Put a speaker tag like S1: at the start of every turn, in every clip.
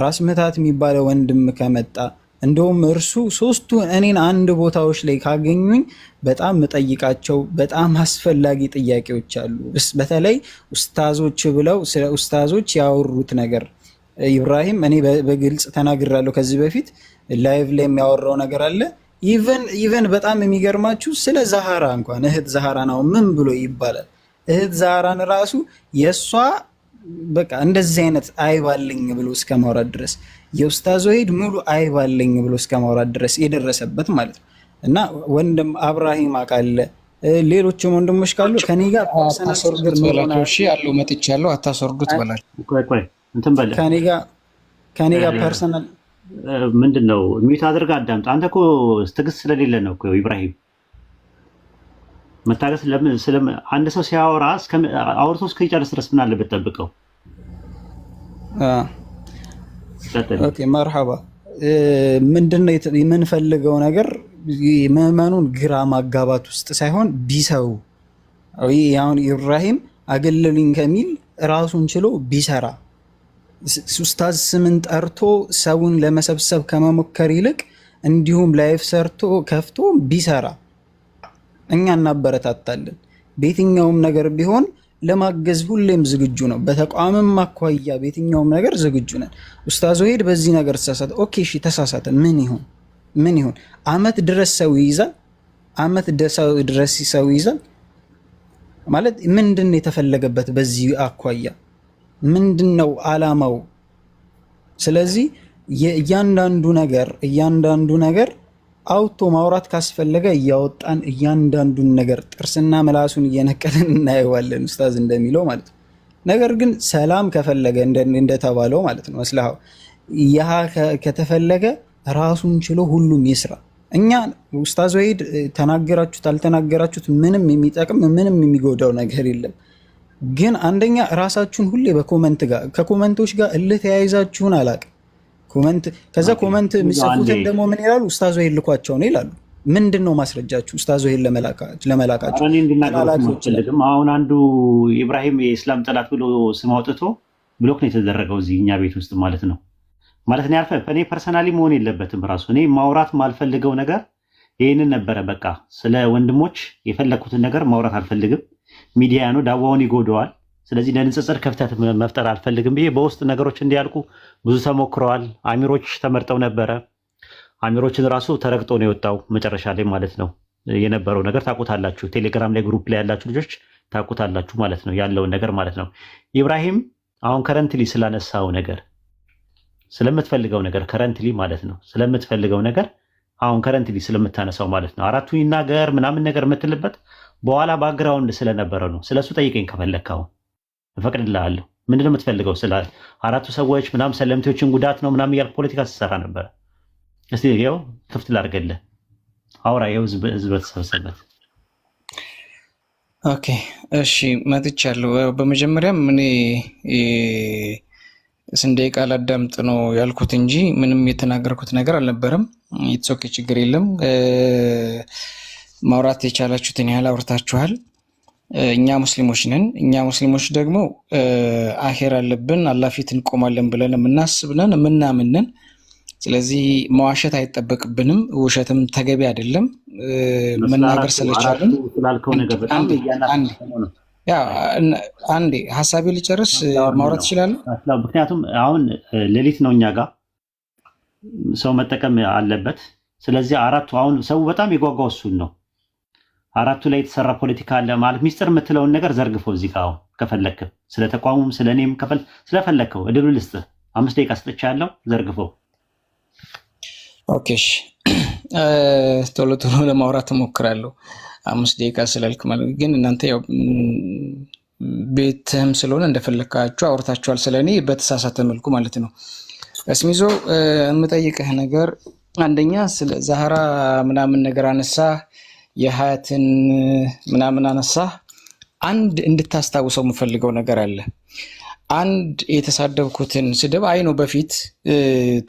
S1: ራስ ምታት የሚባለው ወንድም ከመጣ እንደውም እርሱ ሶስቱ እኔን አንድ ቦታዎች ላይ ካገኙኝ በጣም የምጠይቃቸው በጣም አስፈላጊ ጥያቄዎች አሉ። በተለይ ኡስታዞች ብለው ስለ ኡስታዞች ያወሩት ነገር ኢብራሂም፣ እኔ በግልጽ ተናግራለሁ ከዚህ በፊት ላይቭ ላይ የሚያወራው ነገር አለ። ኢቨን በጣም የሚገርማችሁ ስለ ዛሃራ እንኳን እህት ዛሃራ ነው ምን ብሎ ይባላል? እህት ዛሃራን ራሱ የእሷ በቃ እንደዚህ አይነት አይባልኝ ብሎ እስከ ማውራት ድረስ የኡስታዝ ወሂድ ሙሉ አይባልኝ ብሎ እስከ ማውራት ድረስ የደረሰበት ማለት ነው። እና ወንድም አብራሂም ካለ ሌሎችም ወንድሞች ካሉ ከኔ ጋር ፐርሰናል
S2: ምንድን ነው ሚዩት አድርገህ አዳምጥ። አንተ እኮ ትዕግስት ስለሌለ ነው እኮ ኢብራሂም መታገስ ለምን አንድ ሰው ሲያወራ አውርቶ እስከሚጨርስ ድረስ ምን አለበት ጠብቀው።
S1: መርሐባ። ምንድነው የምንፈልገው ነገር ምዕመኑን ግራ ማጋባት ውስጥ ሳይሆን ቢሰው አሁን ኢብራሂም አገለሉኝ ከሚል ራሱን ችሎ ቢሰራ ኡስታዝ ስምን ጠርቶ ሰውን ለመሰብሰብ ከመሞከር ይልቅ እንዲሁም ላይፍ ሰርቶ ከፍቶ ቢሰራ እኛ እናበረታታለን። በየትኛውም ነገር ቢሆን ለማገዝ ሁሌም ዝግጁ ነው። በተቋምም አኳያ በየትኛውም ነገር ዝግጁ ነን። ኡስታዝ ወሂድ በዚህ ነገር ተሳሳተ። ኦኬ እሺ ተሳሳተ። ምን ይሁን ምን ይሁን? አመት ድረስ ሰው ይይዛል። አመት ድረስ ሰው ይይዛል ማለት ምንድን ነው የተፈለገበት? በዚህ አኳያ ምንድን ነው አላማው? ስለዚህ እያንዳንዱ ነገር እያንዳንዱ ነገር አውቶ ማውራት ካስፈለገ እያወጣን እያንዳንዱን ነገር ጥርስና ምላሱን እየነቀለን እናየዋለን፣ ኡስታዝ እንደሚለው ማለት ነው። ነገር ግን ሰላም ከፈለገ እንደተባለው ማለት ነው መስልሃ ያ ከተፈለገ ራሱን ችሎ ሁሉም ይስራ። እኛ ኡስታዝ ወይድ ተናገራችሁት አልተናገራችሁት ምንም የሚጠቅም ምንም የሚጎዳው ነገር የለም። ግን አንደኛ ራሳችሁን ሁሌ በኮመንት ጋር ከኮመንቶች ጋር እልህ ተያይዛችሁን አላቅም ኮመንት ከዛ ኮመንት የሚጽፉትን ደግሞ ምን ይላሉ? ኡስታዝ ወይን ልኳቸው ነው ይላሉ። ምንድን ነው ማስረጃችሁ? ኡስታዝ ወይን ለመላካቸው
S2: አሁን አንዱ ኢብራሂም የእስላም ጠላት ብሎ ስም አውጥቶ ብሎክ ነው የተደረገው እዚህ እኛ ቤት ውስጥ ማለት ነው ማለት ነው። ያልፈ እኔ ፐርሰናሊ መሆን የለበትም ራሱ እኔ ማውራት ማልፈልገው ነገር ይህንን ነበረ። በቃ ስለ ወንድሞች የፈለግኩትን ነገር ማውራት አልፈልግም። ሚዲያ ነው ዳዋውን ይጎደዋል። ስለዚህ ለንጽጽር ክፍተት መፍጠር አልፈልግም ብዬ በውስጥ ነገሮች እንዲያልቁ ብዙ ተሞክረዋል። አሚሮች ተመርጠው ነበረ። አሚሮችን ራሱ ተረግጦ ነው የወጣው መጨረሻ ላይ ማለት ነው። የነበረው ነገር ታውቁታላችሁ። ቴሌግራም ላይ ግሩፕ ላይ ያላችሁ ልጆች ታውቁታላችሁ ማለት ነው፣ ያለውን ነገር ማለት ነው። ኢብራሂም አሁን ከረንትሊ ስላነሳው ነገር ስለምትፈልገው ነገር ከረንትሊ ማለት ነው ስለምትፈልገው ነገር አሁን ከረንትሊ ስለምታነሳው ማለት ነው አራቱ ይናገር ምናምን ነገር የምትልበት በኋላ ባግራውንድ ስለነበረ ነው። ስለሱ ጠይቀኝ ከፈለግከው እፈቅድልሃለሁ ምንድን ነው የምትፈልገው? ስለ አራቱ ሰዎች ምናምን ሰለምቴዎችን ጉዳት ነው ምናምን እያልክ ፖለቲካ ስትሰራ ነበረ። እስቲ ይኸው ክፍት ላድርግልህ፣ አውራ። ይኸው ህዝብ ተሰበሰበት።
S1: ኦኬ፣ እሺ፣ መጥቻለሁ። በመጀመሪያም እኔ ስንዴ ቃል አዳምጥ ነው ያልኩት እንጂ ምንም የተናገርኩት ነገር አልነበረም። ኢትስ ችግር የለም። ማውራት የቻላችሁትን ያህል አውርታችኋል። እኛ ሙስሊሞች ነን። እኛ ሙስሊሞች ደግሞ አሄር አለብን፣ አላፊት እንቆማለን ብለን የምናስብነን የምናምንን። ስለዚህ መዋሸት አይጠበቅብንም፣ ውሸትም ተገቢ አይደለም። መናገር ስለቻለን አንዴ ሀሳቤ ልጨርስ፣ ማውራት ይችላል።
S2: ምክንያቱም አሁን ሌሊት ነው፣ እኛ ጋር ሰው መጠቀም አለበት። ስለዚህ አራቱ አሁን ሰው በጣም የጓጓ እሱን ነው አራቱ ላይ የተሰራ ፖለቲካ አለ ማለት ሚስጥር የምትለውን ነገር ዘርግፈው እዚህ ጋር ከፈለክ ስለ ተቋሙም ስለ እኔም ከፈል ስለፈለከው እድሉ ልስጥ። አምስት ደቂቃ ስጥቻ ያለው ዘርግፈው።
S1: ኦኬሽ ቶሎ ቶሎ ለማውራት እሞክራለሁ። አምስት ደቂቃ ስላልክ ማለት ግን እናንተ ያው ቤትህም ስለሆነ እንደፈለካችሁ አውርታችኋል። ስለ እኔ በተሳሳተ መልኩ ማለት ነው። እስሚዞ የምጠይቅህ ነገር አንደኛ ስለ ዛህራ ምናምን ነገር አነሳ የሀያትን ምናምን አነሳ። አንድ እንድታስታውሰው የምፈልገው ነገር አለ። አንድ የተሳደብኩትን ስድብ አይ ነው በፊት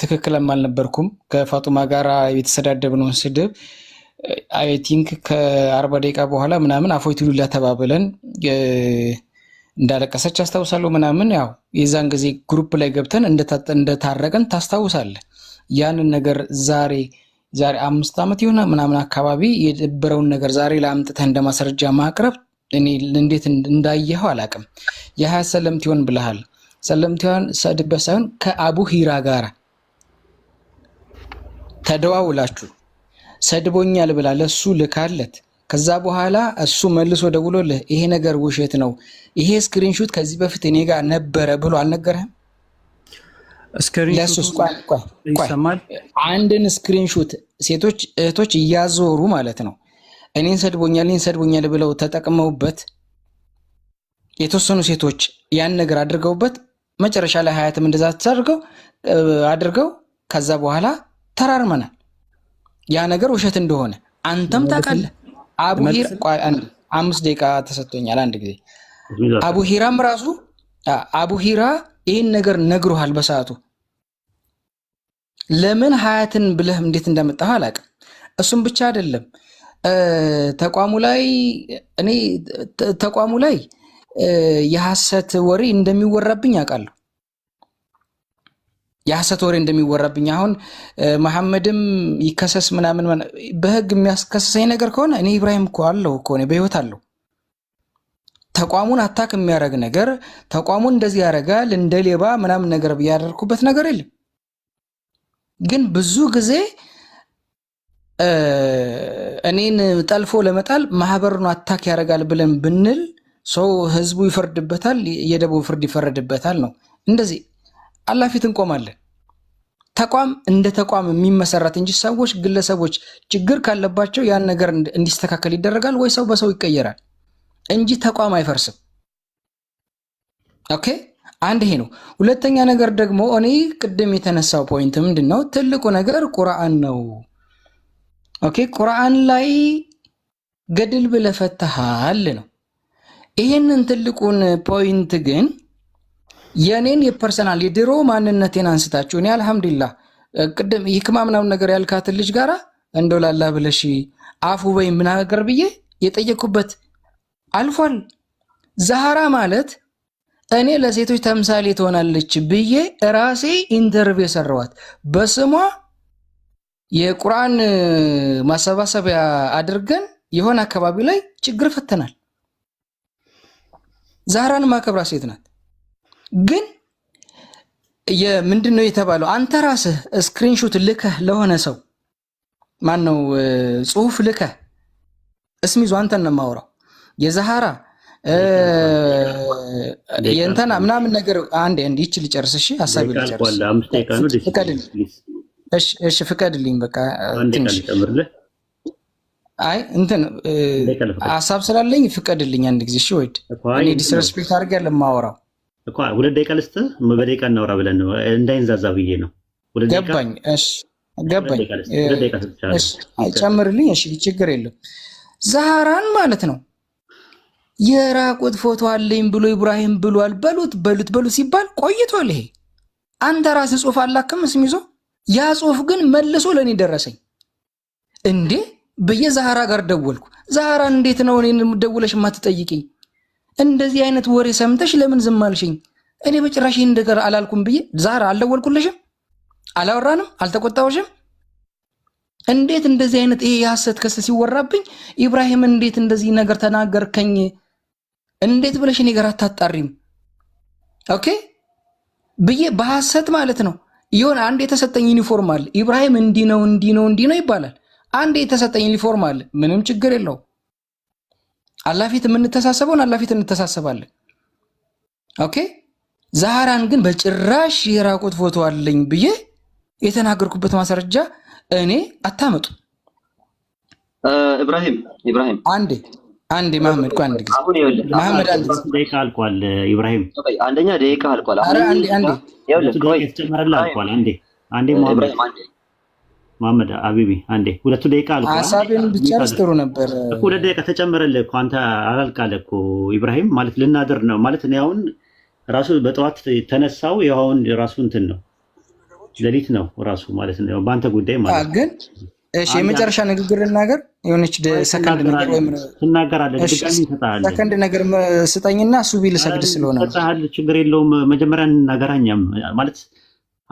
S1: ትክክልም አልነበርኩም። ከፋጡማ ጋር የተሰዳደብነውን ስድብ አይ ቲንክ ከአርባ ደቂቃ በኋላ ምናምን አፎይትሉላ ተባብለን እንዳለቀሰች አስታውሳለሁ። ምናምን ያው የዛን ጊዜ ግሩፕ ላይ ገብተን እንደታረቀን ታስታውሳለህ። ያንን ነገር ዛሬ ዛሬ አምስት ዓመት የሆነ ምናምን አካባቢ የነበረውን ነገር ዛሬ ለአምጥተህ እንደ ማስረጃ ማቅረብ እኔ እንዴት እንዳየኸው አላውቅም። የሀያ ሰለምቲሆን ብለሃል። ሰለምቲሆን ሰድበህ ሳይሆን ከአቡ ሂራ ጋር ተደዋውላችሁ ሰድቦኛል ብላ ለሱ ልካለት ከዛ በኋላ እሱ መልሶ ደውሎልህ ይሄ ነገር ውሸት ነው፣ ይሄ ስክሪንሹት ከዚህ በፊት እኔ ጋር ነበረ ብሎ አልነገረህም? አንድን ስክሪንሾት ሴቶች እህቶች እያዞሩ ማለት ነው። እኔን ሰድቦኛል፣ እኔን ሰድቦኛል ብለው ተጠቅመውበት የተወሰኑ ሴቶች ያን ነገር አድርገውበት መጨረሻ ላይ ሀያትም እንደዛ አድርገው አድርገው ከዛ በኋላ ተራርመናል። ያ ነገር ውሸት እንደሆነ አንተም ታውቃለህ። አቡሂራ አምስት ደቂቃ ተሰጥቶኛል። አንድ ጊዜ አቡሂራም ራሱ አቡሂራ ይህን ነገር ነግሮሃል በሰዓቱ ለምን ሀያትን ብለህ እንዴት እንደመጣህ አላውቅም። እሱም ብቻ አይደለም ተቋሙ ላይ እኔ ተቋሙ ላይ የሐሰት ወሬ እንደሚወራብኝ አውቃለሁ። የሐሰት ወሬ እንደሚወራብኝ አሁን መሐመድም ይከሰስ ምናምን በህግ የሚያስከሰሰኝ ነገር ከሆነ እኔ ኢብራሂም እኮ አለሁ እኮ በህይወት አለሁ ተቋሙን አታክ የሚያደርግ ነገር ተቋሙን እንደዚህ ያደርጋል እንደ ሌባ ምናምን ነገር ብያደርኩበት ነገር የለም። ግን ብዙ ጊዜ እኔን ጠልፎ ለመጣል ማህበሩን አታክ ያደርጋል ብለን ብንል ሰው ህዝቡ ይፈርድበታል፣ የደቡብ ፍርድ ይፈረድበታል ነው። እንደዚህ አላፊት እንቆማለን። ተቋም እንደ ተቋም የሚመሰረት እንጂ ሰዎች ግለሰቦች ችግር ካለባቸው ያን ነገር እንዲስተካከል ይደረጋል ወይ ሰው በሰው ይቀየራል? እንጂ ተቋም አይፈርስም። ኦኬ አንድ ይሄ ነው። ሁለተኛ ነገር ደግሞ እኔ ቅድም የተነሳው ፖይንት ምንድን ነው? ትልቁ ነገር ቁርአን ነው። ኦኬ ቁርአን ላይ ገድል ብለህ ፈተሃል ነው። ይሄንን ትልቁን ፖይንት ግን የእኔን የፐርሰናል የድሮ ማንነቴን አንስታችሁ እኔ አልሐምዱሊላህ ቅድም ይክማ ምናምን ነገር ያልካትን ልጅ ጋራ እንደው ላላ ብለሽ አፉ በይ ምናገር ብዬ የጠየኩበት አልፏል። ዛህራ ማለት እኔ ለሴቶች ተምሳሌ ትሆናለች ብዬ ራሴ ኢንተርቪው የሰራዋት በስሟ የቁርአን ማሰባሰቢያ አድርገን የሆነ አካባቢ ላይ ችግር ፈተናል። ዛህራን ማከብራ ሴት ናት። ግን ምንድን ነው የተባለው? አንተ ራስህ ስክሪንሹት ልከህ ለሆነ ሰው ማን ነው ጽሁፍ ልከህ እስሚዞ አንተን ነው የማወራው የዛሃራ የእንተና ምናምን ነገር አንድ አንድ ይች ልጨርስ። እሺ ሀሳቢ ልጨርስ፣ እሺ ፍቀድልኝ። በቃ አይ እንትን ሀሳብ ስላለኝ ፍቀድልኝ አንድ ጊዜ። እሺ ወይድ እኔ ዲስረስፔክት አድርግ ያለ
S2: ሁለት ደቂቃ ልስጥ፣ በደቂቃ እናውራ ብለን ነው እንዳይንዛዛ ብዬ ነው።
S1: ገባኝ፣ ገባኝ። ጨምርልኝ። እሺ ችግር የለም። ዛሃራን ማለት ነው የራቁት ፎቶ አለኝ ብሎ ኢብራሂም ብሏል በሉት በሉት በሉት ሲባል ቆይቷል። ይሄ አንተ ራስህ ጽሁፍ አላክም ስም ይዞ ያ ጽሁፍ ግን መልሶ ለእኔ ደረሰኝ። እንዴ ብዬ ዛህራ ጋር ደወልኩ። ዛህራ እንዴት ነው እኔን ደውለሽ ማትጠይቅኝ? እንደዚህ አይነት ወሬ ሰምተሽ ለምን ዝም አልሽኝ? እኔ በጭራሽ ይህን ነገር አላልኩም ብዬ ዛህራ አልደወልኩልሽም፣ አላወራንም፣ አልተቆጣውሽም። እንዴት እንደዚህ አይነት ይሄ የሐሰት ክስ ሲወራብኝ ኢብራሂም እንዴት እንደዚህ ነገር ተናገርከኝ እንዴት ብለሽ እኔ ጋር አታጣሪም? ኦኬ ብዬ በሐሰት ማለት ነው። የሆነ አንድ የተሰጠኝ ዩኒፎርም አለ። ኢብራሂም እንዲህ ነው እንዲህ ነው እንዲህ ነው ይባላል። አንድ የተሰጠኝ ዩኒፎርም አለ። ምንም ችግር የለው። አላፊት የምንተሳሰበውን አላፊት እንተሳሰባለን። ኦኬ ዛህራን ግን በጭራሽ የራቁት ፎቶ አለኝ ብዬ የተናገርኩበት ማስረጃ እኔ አታመጡ።
S2: ኢብራሂም ኢብራሂም
S1: አንዴ አንድ ማህመድ
S2: ቆይ አንድ ጊዜ ማህመድ አንድ ጊዜ ደቂቃ አልቋል። ኢብራሂም አንደኛ ደቂቃ አልቋል።
S1: አረ አንዴ አንዴ
S2: ይኸውልህ ቆይ ተጨመረልህ አልቋል። አንዴ አንዴ ማህመድ ማህመድ አቢቢ አንዴ ሁለቱ ደቂቃ አልቋል።
S1: ሐሳብን ብቻስ ጥሩ ነበር
S2: እኮ ሁለት ደቂቃ ተጨመረልህ እኮ አንተ አላልቃለህ እኮ ኢብራሂም። ማለት ልናድር ነው ማለት ነው። አሁን ራሱ በጠዋት የተነሳው ይኸውን ራሱ እንትን ነው ሌሊት ነው ራሱ ማለት ነው በአንተ ጉዳይ
S1: ማለት ግን እሺ የመጨረሻ ንግግር ልናገር፣ የሆነች ሰከንድ
S2: ነገር
S1: ሰከንድ ነገር ስጠኝና ሱቢ ልሰግድ ስለሆነ
S2: ችግር የለውም። መጀመሪያ እንናገራኛም ማለት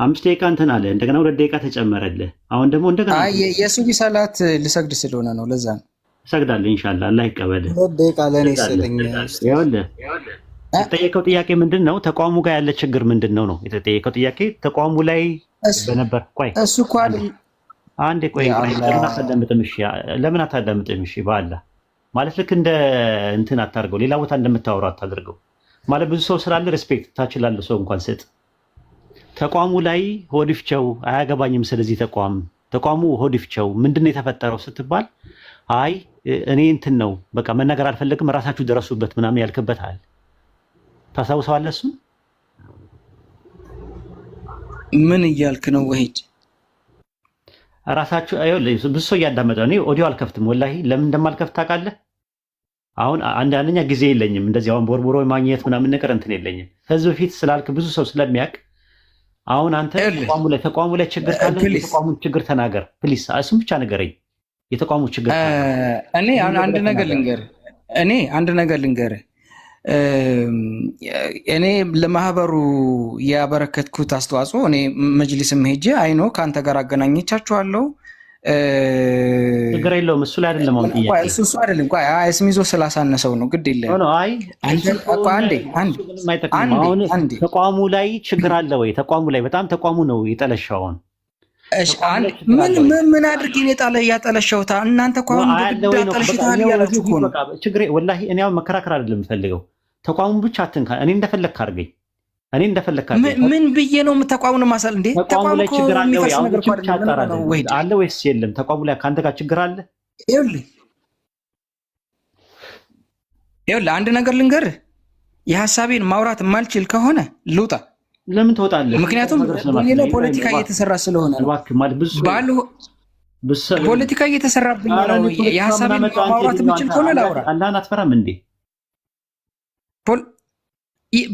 S2: አምስት ደቂቃ እንትን አለ፣ እንደገና ሁለት ደቂቃ ተጨመረልህ። አሁን ደግሞ እንደገና
S1: የሱቢ ሰላት ልሰግድ ስለሆነ ነው። ለዛ ነው
S2: እሰግዳለሁ። ኢንሻላህ አላህ ይቀበልህ።
S1: ሁለት ደቂቃ ለእኔ ይሰጠኝ።
S2: ይኸውልህ የተጠየቀው ጥያቄ ምንድን ነው? ተቋሙ ጋር ያለ ችግር ምንድን ነው ነው የተጠየቀው ጥያቄ። ተቋሙ ላይ
S1: በነበር ቆይ እሱ እኮ አይደል
S2: አንድ ቆይ ለምን አታዳምጥም? እሺ ለምን አታዳምጥም? እሺ በአላህ ማለት ልክ እንደ እንትን አታድርገው፣ ሌላ ቦታ እንደምታወራ አታደርገው። ማለት ብዙ ሰው ስላለ ሪስፔክት ታችላለ ሰው እንኳን ስጥ። ተቋሙ ላይ ሆዲፍቸው አያገባኝም። ስለዚህ ተቋም ተቋሙ ሆዲፍቸው ምንድን ነው የተፈጠረው ስትባል አይ እኔ እንትን ነው በቃ መናገር አልፈለግም ራሳችሁ ደረሱበት ምናምን ያልክበታል። ታስታውሰዋለህ? እሱን
S1: ምን እያልክ ነው ወሂድ
S2: ራሳችሁ ብዙ ሰው እያዳመጠ ነው። ኦዲዮ አልከፍትም። ወላሂ ለምን እንደማልከፍት ታውቃለህ? አሁን አንደኛ ጊዜ የለኝም። እንደዚህ አሁን ቦርቦሮ ማግኘት ምናምን ነገር እንትን የለኝም። ህዝብ ፊት ስላልክ ብዙ ሰው ስለሚያውቅ አሁን አንተ ተቋሙ ላይ ችግር ካለ የተቋሙን ችግር ተናገር ፕሊስ። እሱም ብቻ ንገረኝ፣ የተቋሙ ችግር።
S1: እኔ አንድ ነገር ልንገር እኔ አንድ ነገር ልንገርህ እኔ ለማህበሩ ያበረከትኩት አስተዋጽኦ እኔ መጅሊስም ሄጄ አይኖ ከአንተ ጋር አገናኘቻችኋለሁ።
S2: ችግር የለውም። እሱ ላይ አይደለም
S1: እሱ አይደለም ስም ይዞ ስላሳነሰው ነው። ግድ
S2: የለም ተቋሙ ላይ ችግር አለ ወይ? ተቋሙ ላይ በጣም ተቋሙ ነው የጠለሻውን
S1: ምን አድርጌ ያጠለሸውታ እናንተ እኮ አሁን
S2: ግድ ጠለሽታል እያላችሁ እኮ ነው። ወላሂ እኔ መከራከር አይደለም የምፈልገው ተቋሙ ብቻ አትንካ። እኔ እንደፈለግ ካርገኝ እኔ እንደፈለግ
S1: ምን ብዬ ነው ተቋሙን ማሳል? እንዴ
S2: ተቋሙ ላይ ችግር አለ ወይ? አሁን አለ ወይስ የለም? ተቋሙ ላይ ከአንተ ጋር ችግር አለ?
S1: ይኸውልህ አንድ ነገር ልንገር፣ የሀሳቤን ማውራት የማልችል ከሆነ ልውጣ።
S2: ለምን ትወጣለህ?
S1: ምክንያቱም ሌላ ፖለቲካ እየተሰራ ስለሆነ ባሉ ፖለቲካ እየተሰራብኝ ነው። የሀሳቤን ማውራት የምችል ከሆነ ላውራ።
S2: አላህን አትፈራም እንዴ?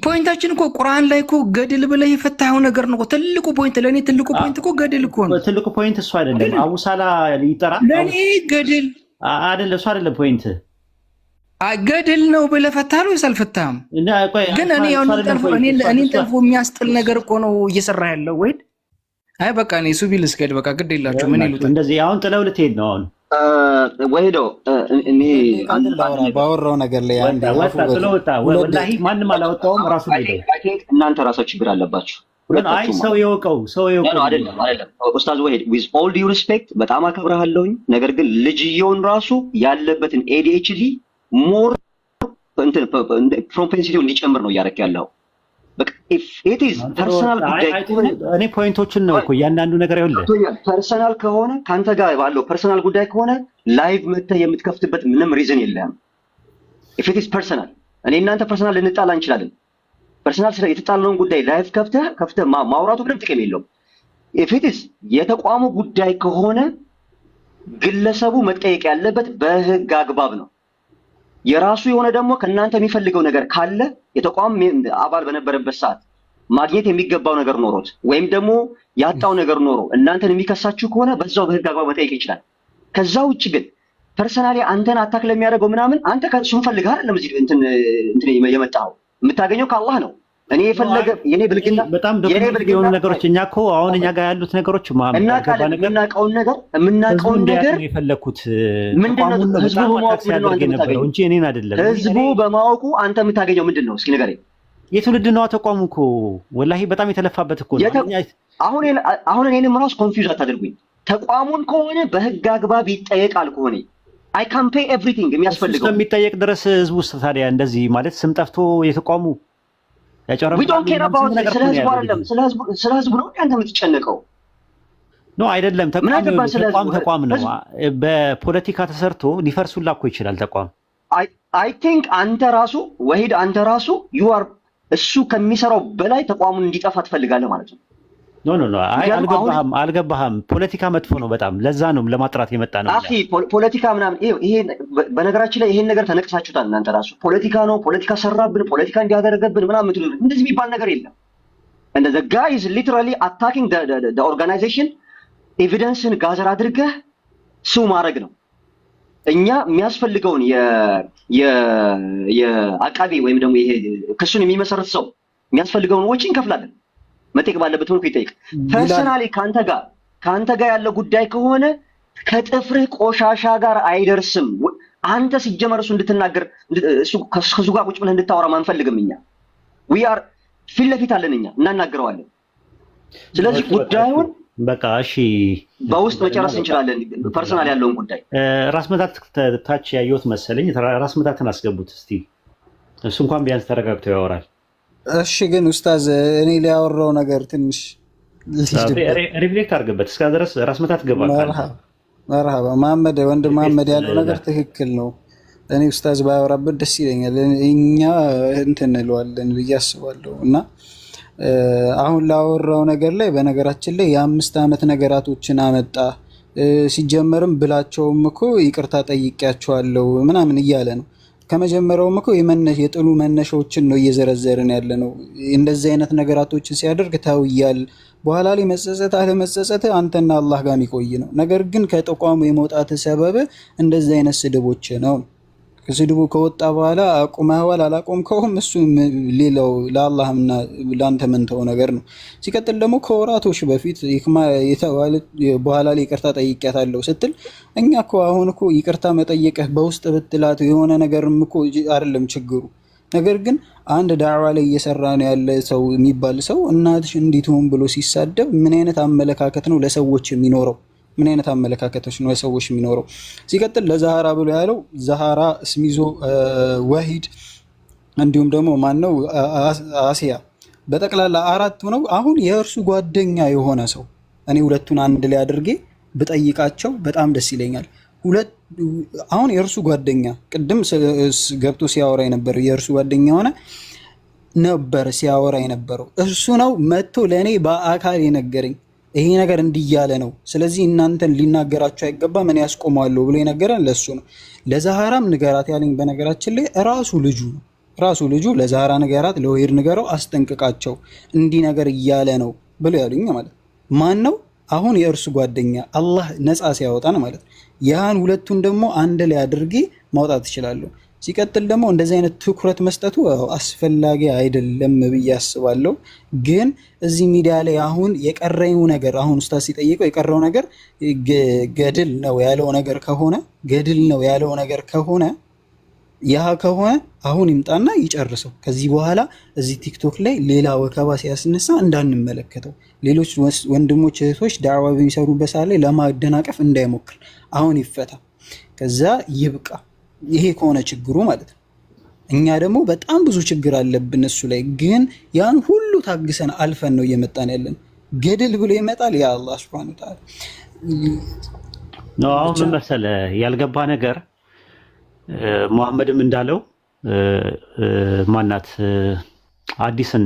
S1: ፖይንታችን እኮ ቁርአን ላይ እኮ ገድል ብለህ የፈታኸው ነገር ነው። ትልቁ ፖይንት ለእኔ ትልቁ ፖይንት እኮ ገድል እኮ ነው።
S2: ትልቁ ፖይንት እሱ አይደለም። አቡሳላ ይጠራ
S1: ለእኔ ገድል
S2: አይደለም። እሱ አይደለም ፖይንት
S1: ገድል ነው ብለህ ፈታኸው ወይስ አልፈታህም? ግን እኔ እኔን ጠልፎ የሚያስጥል ነገር እኮ ነው እየሰራ ያለው ወይ? አይ በቃ እኔ ሱቢል እስክሄድ በቃ ግድ የላችሁ ምን ይሉት
S2: እንደዚህ አሁን ጥለው ልትሄድ ነው አሁን ወይዶ እኔ
S1: ባወራው ነገር ላይ
S2: ስለወጣ ወላሂ ማንም አላወጣውም። ራሱ እናንተ ራሳው ችግር አለባችሁ።
S1: አይ ሰው የወቀው ሰው የወቀው
S2: አይደለም አይደለም። ኡስታዝ ወሂድ ዊዝ ኦል ዲው ሪስፔክት በጣም አከብረሃለሁኝ። ነገር ግን ልጅየውን ራሱ ያለበትን ኤዲኤችዲ ሞር እንትን ፕሮፔንሲቲው እንዲጨምር ነው እያደረክ ያለው
S1: እኔ ፖይንቶችን ነው እኮ እያንዳንዱ ነገር ይኸውልህ፣
S2: ፐርሰናል ከሆነ ከአንተ ጋር ባለው ፐርሰናል ጉዳይ ከሆነ ላይቭ መተህ የምትከፍትበት ምንም ሪዝን የለህም። ኢፌቲስ ፐርሰናል እኔ እናንተ ፐርሰናል ልንጣላ እንችላለን። ፐርሰናል ስለ የተጣለውን ጉዳይ ላይቭ ከፍተህ ከፍተህ ማውራቱ ምንም ጥቅም የለውም። ኢፌቲስ የተቋሙ ጉዳይ ከሆነ ግለሰቡ መጠየቅ ያለበት በህግ አግባብ ነው። የራሱ የሆነ ደግሞ ከእናንተ የሚፈልገው ነገር ካለ የተቋም አባል በነበረበት ሰዓት ማግኘት የሚገባው ነገር ኖሮት ወይም ደግሞ ያጣው ነገር ኖሮ እናንተን የሚከሳችሁ ከሆነ በዛው በህግ አግባብ መጠየቅ ይችላል። ከዛ ውጭ ግን ፐርሰናሊ አንተን አታክ ለሚያደርገው ምናምን አንተ ከእሱም ፈልገህ አይደለም እዚህ እንትን የመጣው የምታገኘው ከአላህ ነው። እኔ የፈለገ የኔ ብልግና
S1: በጣም የሆኑ ነገሮች እኛ እኮ አሁን እኛ ጋር ያሉት ነገሮች
S2: የምናውቀውን ነገር የምናውቀውን ነገር
S1: የፈለግኩት ህዝቡ በማወቁ ምንድነው እንጂ እኔን አይደለም።
S2: ህዝቡ በማወቁ አንተ የምታገኘው ምንድን ነው? እስኪ ንገረኝ።
S1: የትውልድ ነዋ ተቋሙ እኮ ወላሂ በጣም የተለፋበት እኮ
S2: አሁን እኔንም ራሱ ኮንፊውዝ አታደርጉኝ። ተቋሙን ከሆነ በህግ አግባብ ይጠየቃል ከሆነ አይ ካምፔ ኤቭሪቲንግ
S1: የሚያስፈልገው እስከሚጠየቅ ድረስ ህዝቡ ውስጥ ታዲያ እንደዚህ ማለት ስም ጠፍቶ የተቋሙ
S2: ስለ ህዝቡ ነው አንተ የምትጨነቀው?
S1: ኖ አይደለም። ተቋም ተቋም ነው። በፖለቲካ ተሰርቶ ሊፈርሱላ እኮ ይችላል ተቋም።
S2: አይ ቲንክ አንተ ራሱ ወሂድ፣ አንተ ራሱ ዩ አር እሱ ከሚሰራው በላይ ተቋሙን እንዲጠፋ ትፈልጋለህ ማለት ነው።
S1: ኖ ኖ ኖ አይ አልገባህም፣ አልገባህም። ፖለቲካ መጥፎ ነው በጣም ለዛ ነው ለማጥራት የመጣ ነው።
S2: ፖለቲካ ምናምን ይሄ በነገራችን ላይ ይሄን ነገር ተነቅሳችሁታል እናንተ ራሱ ፖለቲካ ነው ፖለቲካ ሰራብን፣ ፖለቲካ እንዲያደረገብን ምናምን ምትሉ እንደዚህ የሚባል ነገር የለም። እንደ ዘ ጋይዝ ሊትራሊ አታኪንግ ኦርጋናይዜሽን ኤቪደንስን ጋዘር አድርገህ ስው ማድረግ ነው። እኛ የሚያስፈልገውን የአቃቤ ወይም ደግሞ ይሄ ክሱን የሚመሰርት ሰው የሚያስፈልገውን ወጪ እንከፍላለን። መጠየቅ ባለበት መልኩ ይጠይቅ። ፐርሰናሊ ከአንተ ጋር ከአንተ ጋር ያለ ጉዳይ ከሆነ ከጥፍርህ ቆሻሻ ጋር አይደርስም። አንተ ሲጀመር እሱ እንድትናገር ከሱ ጋር ቁጭ ብለህ እንድታወራም አንፈልግም። እኛ ዊ ፊት ለፊት አለን፣ እኛ እናናግረዋለን። ስለዚህ ጉዳዩን በቃ እሺ፣ በውስጥ መጨረስ እንችላለን። ፐርሰናል ያለውን ጉዳይ
S1: ራስ መታት ታች ያየሁት መሰለኝ። ራስ መታትን አስገቡት እስቲ፣ እሱ እንኳን ቢያንስ ተረጋግተው ያወራል። እሺ ግን ኡስታዝ እኔ ሊያወራው ነገር ትንሽ
S2: ሪፍሌክት አድርግበት። እስከ ድረስ ራስ መታት ገባ።
S1: መርሃባ መሐመድ ወንድም መሐመድ ያለው ነገር ትክክል ነው። እኔ ኡስታዝ ባያወራበት ደስ ይለኛል። እኛ እንትን እንለዋለን ብዬ አስባለሁ። እና አሁን ላወራው ነገር ላይ በነገራችን ላይ የአምስት ዓመት ነገራቶችን አመጣ። ሲጀመርም ብላቸውም እኮ ይቅርታ ጠይቂያቸዋለሁ ምናምን እያለ ነው ከመጀመሪያውም እኮ የጥሉ መነሻዎችን ነው እየዘረዘርን ያለ ነው። እንደዚህ አይነት ነገራቶችን ሲያደርግ ታውያል። በኋላ ላይ መጸጸት አለመጸጸት አንተና አላህ ጋር የሚቆይ ነው። ነገር ግን ከጠቋሙ የመውጣት ሰበብ እንደዚህ አይነት ስድቦች ነው። ስድቡ ከወጣ በኋላ አቁመዋል አላቆምከውም፣ እሱ ሌላው ለአላህና ለአንተ መንተው ነገር ነው። ሲቀጥል ደግሞ ከወራቶች በፊት ሂክማ የተባለ በኋላ ላይ ይቅርታ ጠይቄያታለሁ ስትል እኛ እኮ አሁን እኮ ይቅርታ መጠየቅህ በውስጥ ብትላት የሆነ ነገርም እኮ አይደለም ችግሩ። ነገር ግን አንድ ዳዕዋ ላይ እየሰራ ነው ያለ ሰው የሚባል ሰው እናትሽ እንዲትሆን ብሎ ሲሳደብ ምን አይነት አመለካከት ነው ለሰዎች የሚኖረው? ምን አይነት አመለካከቶች ነው የሰዎች የሚኖረው? ሲቀጥል ለዛሃራ ብሎ ያለው ዛሃራ ስሚዞ ወሂድ እንዲሁም ደግሞ ማን ነው አሲያ በጠቅላላ አራቱ ነው። አሁን የእርሱ ጓደኛ የሆነ ሰው እኔ ሁለቱን አንድ ላይ አድርጌ ብጠይቃቸው በጣም ደስ ይለኛል። አሁን የእርሱ ጓደኛ ቅድም ገብቶ ሲያወራ የነበረው የእርሱ ጓደኛ የሆነ ነበር ሲያወራ የነበረው እርሱ ነው መጥቶ ለእኔ በአካል የነገረኝ። ይሄ ነገር እንዲያለ ነው፣ ስለዚህ እናንተን ሊናገራቸው አይገባም እኔ ያስቆማለሁ ብሎ የነገረን ለሱ ነው። ለዛሃራም ንገራት ያለኝ በነገራችን ላይ ራሱ ልጁ ነው። ራሱ ልጁ ለዛሃራ ንገራት፣ ለወሂድ ንገረው፣ አስጠንቅቃቸው፣ እንዲህ ነገር እያለ ነው ብሎ ያሉኝ ማለት ማን ነው? አሁን የእርሱ ጓደኛ አላህ ነፃ ሲያወጣን ማለት ነው። ያን ሁለቱን ደግሞ አንድ ላይ አድርጌ ማውጣት እችላለሁ። ሲቀጥል ደግሞ እንደዚህ አይነት ትኩረት መስጠቱ አስፈላጊ አይደለም ብዬ አስባለሁ። ግን እዚህ ሚዲያ ላይ አሁን የቀረው ነገር አሁን ውስታ ሲጠይቀው የቀረው ነገር ገድል ነው ያለው ነገር ከሆነ ገድል ነው ያለው ነገር ከሆነ ያ ከሆነ አሁን ይምጣና ይጨርሰው። ከዚህ በኋላ እዚህ ቲክቶክ ላይ ሌላ ወከባ ሲያስነሳ እንዳንመለከተው፣ ሌሎች ወንድሞች እህቶች ዳዕዋ በሚሰሩበት ሰዓት ላይ ለማደናቀፍ እንዳይሞክር አሁን ይፈታ፣ ከዛ ይብቃ። ይሄ ከሆነ ችግሩ ማለት ነው። እኛ ደግሞ በጣም ብዙ ችግር አለብን እሱ ላይ ግን ያን ሁሉ ታግሰን አልፈን ነው እየመጣን ያለን። ገድል ብሎ ይመጣል ያ አላህ ወተዓላ አሁን ምን መሰለ ያልገባ ነገር መሐመድም እንዳለው ማናት አዲስን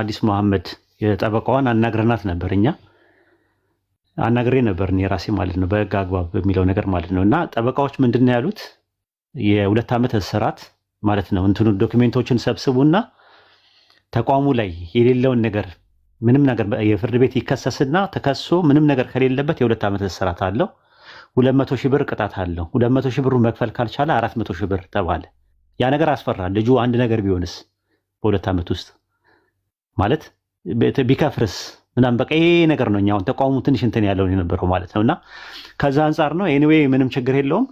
S1: አዲስ መሐመድ የጠበቃዋን አናግረናት ነበር እኛ አናግሬ ነበር እኔ ራሴ ማለት ነው በህግ አግባብ የሚለው ነገር ማለት ነው እና ጠበቃዎች ምንድን ነው ያሉት የሁለት ዓመት እስራት ማለት ነው። እንትኑ ዶክሜንቶችን ሰብስቡና ተቋሙ ላይ የሌለውን ነገር ምንም ነገር የፍርድ ቤት ይከሰስና ተከሶ ምንም ነገር ከሌለበት የሁለት ዓመት እስራት አለው። ሁለት መቶ ሺህ ብር ቅጣት አለው። ሁለት መቶ ሺህ ብሩ መክፈል ካልቻለ አራት መቶ ሺህ ብር ተባለ። ያ ነገር አስፈራል። ልጁ አንድ ነገር ቢሆንስ በሁለት ዓመት ውስጥ ማለት ቢከፍርስ ምናም በቃ ይሄ ነገር ነው። እኛ አሁን ተቋሙ ትንሽ እንትን ያለውን የነበረው ማለት ነው። እና ከዛ አንጻር ነው ኤኒዌይ ምንም ችግር የለውም።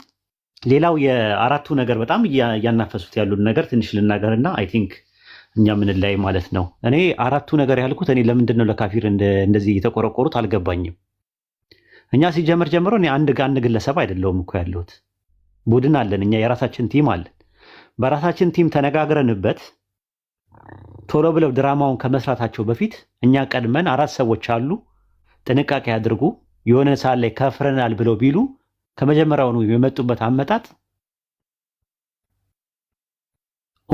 S1: ሌላው የአራቱ ነገር በጣም እያናፈሱት ያሉን ነገር ትንሽ ልናገርና አይ ቲንክ እኛ ምን ላይ ማለት ነው። እኔ አራቱ ነገር ያልኩት እኔ ለምንድን ነው ለካፊር እንደዚህ እየተቆረቆሩት አልገባኝም። እኛ ሲጀምር ጀምሮ እኔ አንድ አንድ ግለሰብ አይደለውም እኮ ያለሁት፣ ቡድን አለን እኛ የራሳችን ቲም አለን። በራሳችን ቲም ተነጋግረንበት ቶሎ ብለው ድራማውን ከመስራታቸው በፊት እኛ ቀድመን አራት ሰዎች አሉ ጥንቃቄ አድርጉ የሆነ ሰዓት ላይ ከፍረናል ብለው ቢሉ ከመጀመሪያውኑ የመጡበት አመጣጥ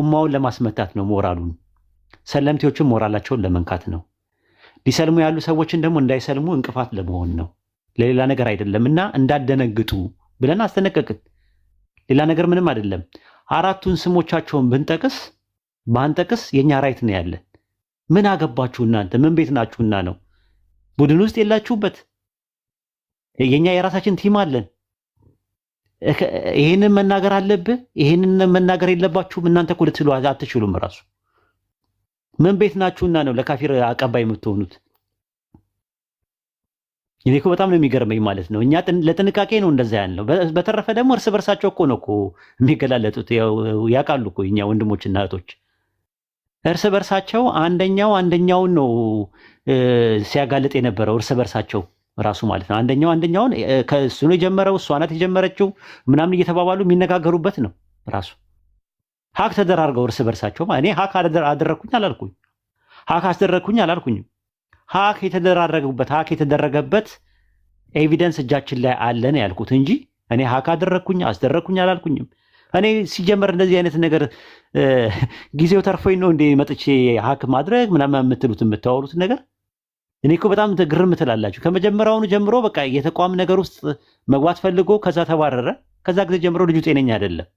S1: ኡማውን ለማስመታት ነው። ሞራሉን ሰለምቴዎችን ሞራላቸውን ለመንካት ነው። ሊሰልሙ ያሉ ሰዎችን ደግሞ እንዳይሰልሙ እንቅፋት ለመሆን ነው። ለሌላ ነገር አይደለም እና እንዳደነግጡ ብለን አስተነቀቅን። ሌላ ነገር ምንም አይደለም። አራቱን ስሞቻቸውን ብንጠቅስ ባንጠቅስ የእኛ ራይት ነው ያለን። ምን አገባችሁ እናንተ? ምን ቤት ናችሁና ነው? ቡድን ውስጥ የላችሁበት። የእኛ የራሳችን ቲም አለን። ይህንን መናገር አለብህ፣ ይህንን መናገር የለባችሁም እናንተ እኮ ልትሉ አትችሉም። እራሱ ምን ቤት ናችሁና ነው ለካፊር አቀባይ የምትሆኑት? እኔ እኮ በጣም ነው የሚገርመኝ ማለት ነው። እኛ ለጥንቃቄ ነው እንደዛ ያልነው። በተረፈ ደግሞ እርስ በርሳቸው እኮ ነው እኮ የሚገላለጡት። ያውቃሉ እኮ የእኛ ወንድሞችና እህቶች እርስ በርሳቸው አንደኛው አንደኛውን ነው ሲያጋልጥ የነበረው እርስ በርሳቸው ራሱ ማለት ነው። አንደኛው አንደኛውን ከእሱ ነው የጀመረው እሷ ናት የጀመረችው ምናምን እየተባባሉ የሚነጋገሩበት ነው ራሱ ሀክ ተደራርገው እርስ በርሳቸው። እኔ ሀክ አደረግኩኝ አላልኩኝ፣ ሀክ አስደረግኩኝ አላልኩኝም። ሀክ የተደራረጉበት ሀክ የተደረገበት ኤቪደንስ እጃችን ላይ አለን ያልኩት እንጂ እኔ ሀክ አደረግኩኝ አስደረግኩኝ አላልኩኝም። እኔ ሲጀመር እንደዚህ አይነት ነገር ጊዜው ተርፎኝ ነው እንደ መጥቼ ሀክ ማድረግ ምናምን የምትሉት የምታወሩት ነገር እኔ እኮ በጣም ግርም ትላላችሁ። ከመጀመሪያውኑ ጀምሮ በቃ የተቋም ነገር ውስጥ መግባት ፈልጎ ከዛ ተባረረ። ከዛ ጊዜ ጀምሮ ልጁ ጤነኛ አይደለም።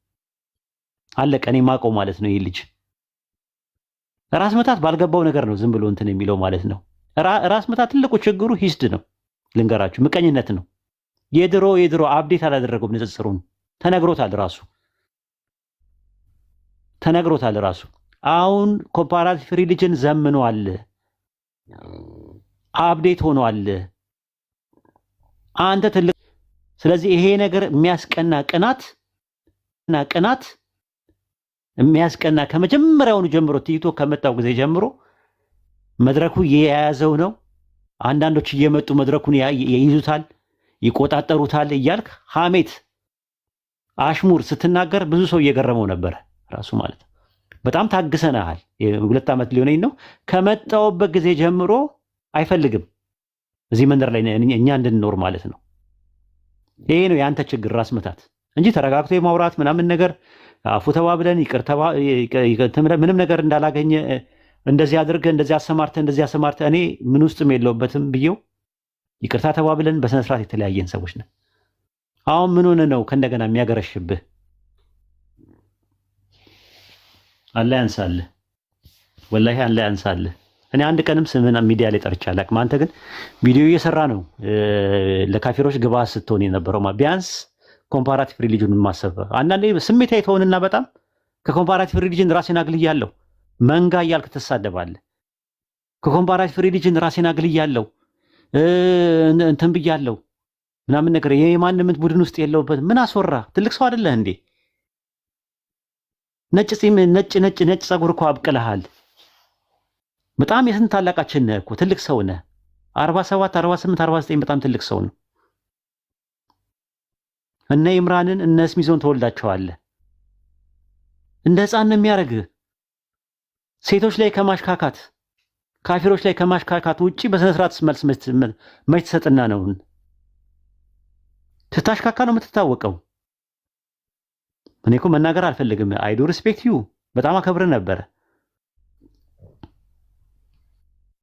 S1: አለቀ። እኔ ማቆ ማለት ነው። ይህ ልጅ ራስ ምታት ባልገባው ነገር ነው ዝም ብሎ እንትን የሚለው ማለት ነው። ራስ ምታት ትልቁ ችግሩ ሂስድ ነው። ልንገራችሁ፣ ምቀኝነት ነው። የድሮ የድሮ አብዴት አላደረገው ንጽጽሩን ተነግሮታል ራሱ ተነግሮታል ራሱ። አሁን ኮምፓራቲቭ ሪሊጅን ዘምኗል። አብዴት ሆኗል። አንተ ትልቅ ስለዚህ ይሄ ነገር የሚያስቀና ቅናት እና ቅናት የሚያስቀና ከመጀመሪያውኑ ጀምሮ ቲቶ ከመጣው ጊዜ ጀምሮ መድረኩ የያዘው ነው። አንዳንዶች እየመጡ መድረኩን ይይዙታል፣ ይቆጣጠሩታል እያልክ ሐሜት፣ አሽሙር ስትናገር ብዙ ሰው እየገረመው ነበረ ራሱ ማለት በጣም ታግሰናሃል። ሁለት ዓመት ሊሆነኝ ነው ከመጣውበት ጊዜ ጀምሮ አይፈልግም እዚህ መንደር ላይ እኛ እንድንኖር ማለት ነው። ይሄ ነው የአንተ ችግር፣ ራስ መታት እንጂ ተረጋግቶ የማውራት ምናምን ነገር አፉ ተባብለን ምንም ነገር እንዳላገኘ እንደዚህ አድርገ እንደዚህ አሰማርተ እንደዚህ አሰማርተ እኔ ምን ውስጥም የለውበትም ብዬው ይቅርታ ተባብለን በስነ የተለያየን ሰዎች ነን። አሁን ምን ሆነ ነው ከእንደገና የሚያገረሽብህ? አላህ ያንሳልህ፣ ወላሂ አላህ ያንሳልህ። እኔ አንድ ቀንም ስምህን ሚዲያ ላይ ጠርቼ አላውቅም። አንተ ግን ቪዲዮ እየሰራ ነው ለካፊሮች ግባ ስትሆን የነበረው ቢያንስ ኮምፓራቲቭ ሪሊጅን ማሰብ አንዳንዴ ስሜታዊ ትሆንና በጣም ከኮምፓራቲቭ ሪሊጅን ራሴን አግልያለሁ መንጋ እያልክ ትሳደባለህ። ከኮምፓራቲቭ ሪሊጅን ራሴን አግልያለሁ እንትን ብያለሁ ምናምን ነገር የማንምት ቡድን ውስጥ የለውበት ምን አስወራ? ትልቅ ሰው አይደለህ እንዴ? ነጭ ነጭ ነጭ ነጭ ፀጉር እኮ አብቅልሃል። በጣም የስንት ታላቃችን ነህ እኮ ትልቅ ሰው ነህ። አርባ ሰባት አርባ ስምንት አርባ ዘጠኝ በጣም ትልቅ ሰው ነው። እነ ኢምራንን እነ ስሚዞን ተወልዳቸዋለህ። እንደ ህፃን ነው የሚያደርግህ። ሴቶች ላይ ከማሽካካት ካፊሮች ላይ ከማሽካካት ውጪ በስነ ስርዓት መልስ መች ትሰጥና ነው? ስታሽካካ ነው የምትታወቀው። እኔ እኮ መናገር አልፈልግም። አይዱ ሪስፔክት ዩ በጣም አከብር ነበረ።